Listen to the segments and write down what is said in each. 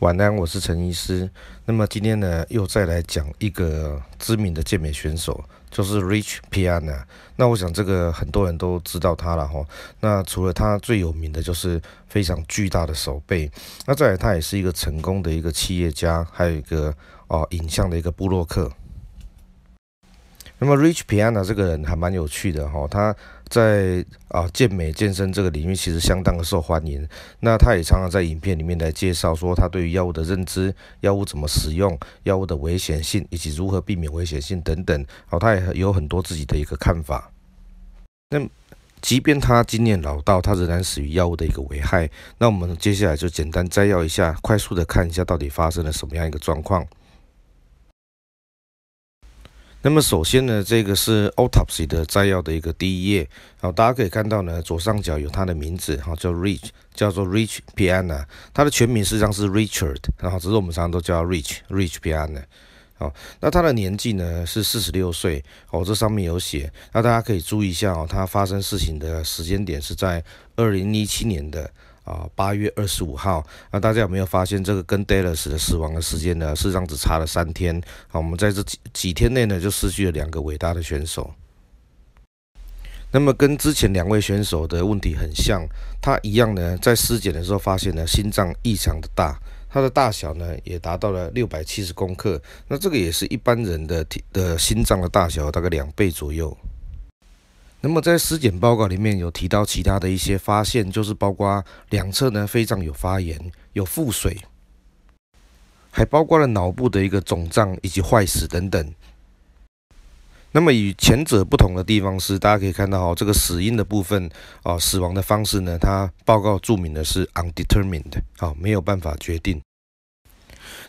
晚安，我是陳醫師。那麼今天呢，又再來講一個知名的健美選手，就是 Rich Piana。那我想這個很多人都知道他了吼。那除了他最有名的就是非常巨大的手臂，那再來他也是一個成功的一個企業家，還有一個哦、呃、影像的一個部落客。那麼，Rich Piana 這個人還蠻有趣的、哦、他在啊健美健身這個領域其實相當的受歡迎。那他也常常在影片裡面來介紹說他對於藥物的認知、藥物怎麼使用、藥物的危險性以及如何避免危險性等等。好、哦，他也有很多自己的一個看法。那即便他經驗老道，他仍然死於藥物的一個危害。那我們接下來就簡單摘要一下，快速的看一下到底發生了什麼樣一個狀況。那麼首先呢，這個是 autopsy 的摘要的一個第一頁，然後，哦，大家可以看到呢，左上角有他的名字，哈、哦，叫 Rich，叫做 Rich Piana，他的全名實際上是 Richard，然後只是我們常常都叫 Rich，Rich Piana 哦，那他的年紀呢是四十六歲，哦，這上面有寫。那大家可以注意一下哦，他發生事情的時間點是在二零一七年的。啊，八月二十五號，那大家有沒有發現這個跟 Dallas 的死亡的時間呢，事實上只差了三天。好，我們在這幾幾天內呢就失去了兩個偉大的選手。那麼跟之前兩位選手的問題很像，他一樣呢在屍檢的時候發現呢心臟異常的大，他的大小呢也達到了六百七十公克。那這個也是一般人的的心臟的大小大概兩倍左右。那麼在屍檢報告裡面有提到其他的一些發現，就是包括兩側呢肺臟有發炎、有腹水，還包括了腦部的一個腫脹以及壞死等等。那麼與前者不同的地方是，大家可以看到哈、哦，這個死因的部分啊、哦，死亡的方式呢，它報告註明的是 undetermined，好、哦，沒有辦法決定。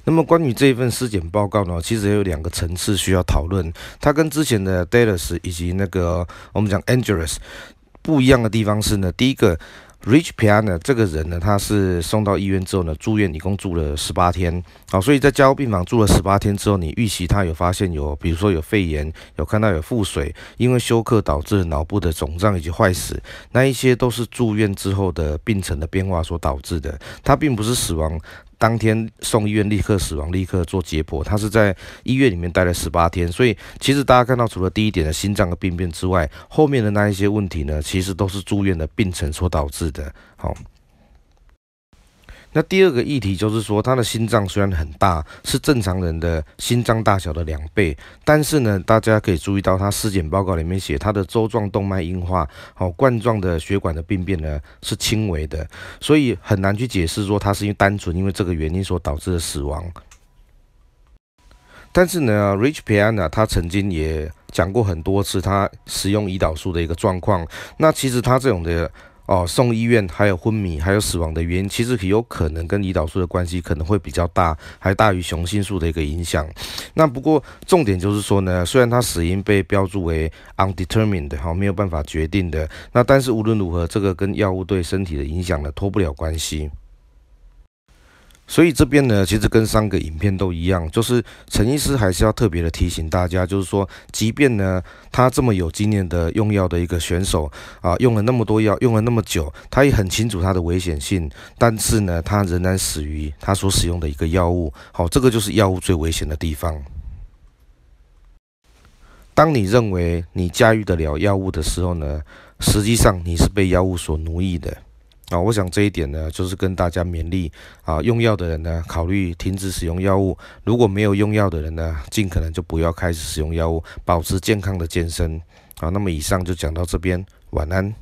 那麼關於這一份屍檢報告呢，其實也有兩個層次需要討論。它跟之前的 Dallas 以及那個我們講 Angeles 不一樣的地方是呢，第一個，Rich Piana 這個人呢，他是送到醫院之後呢，住院一共住了十八天。好、哦，所以在加護病房住了十八天之後，你預期他有發現有，比如說有肺炎，有看到有腹水，因為休克導致腦部的腫脹以及壞死，那一些都是住院之後的病程的變化所導致的。他並不是死亡。當天送醫院，立刻死亡，立刻做解剖。他是在醫院裡面待了十八天，所以其實大家看到，除了第一點的心臟的病變之外，後面的那一些問題呢，其實都是住院的病程所導致的。好。那第二個議題就是說，他的心臟雖然很大，是正常人的心臟大小的兩倍，但是呢，大家可以注意到，他屍檢報告裡面寫，他的周狀動脈硬化，好、哦、冠狀的血管的病變呢是輕微的，所以很難去解釋說，他是因為單純因為這個原因所導致的死亡。但是呢，Rich Piana 他曾經也講過很多次，他使用胰島素的一個狀況。那其實他這種的。哦，送醫院還有昏迷，還有死亡的原因，其實很有可能跟胰島素的關係可能會比較大，還大於雄性素的一個影響。那不過重點就是說呢，雖然他死因被標註為 undetermined 好，沒有辦法決定的，那但是無論如何，這個跟藥物對身體的影響呢，脫不了關係。所以這邊呢，其實跟三個影片都一樣，就是陳醫師還是要特別的提醒大家，就是說，即便呢他這麼有經驗的用藥的一個選手，啊，用了那麼多藥，用了那麼久，他也很清楚他的危險性，但是呢，他仍然死於他所使用的一個藥物。好，這個就是藥物最危險的地方。當你認為你駕馭得了藥物的時候呢，實際上你是被藥物所奴役的。啊、哦，我想這一點呢，就是跟大家勉勵啊，用藥的人呢，考慮停止使用藥物；如果沒有用藥的人呢，盡可能就不要開始使用藥物，保持健康的健身。啊，那麼以上就講到這邊，晚安。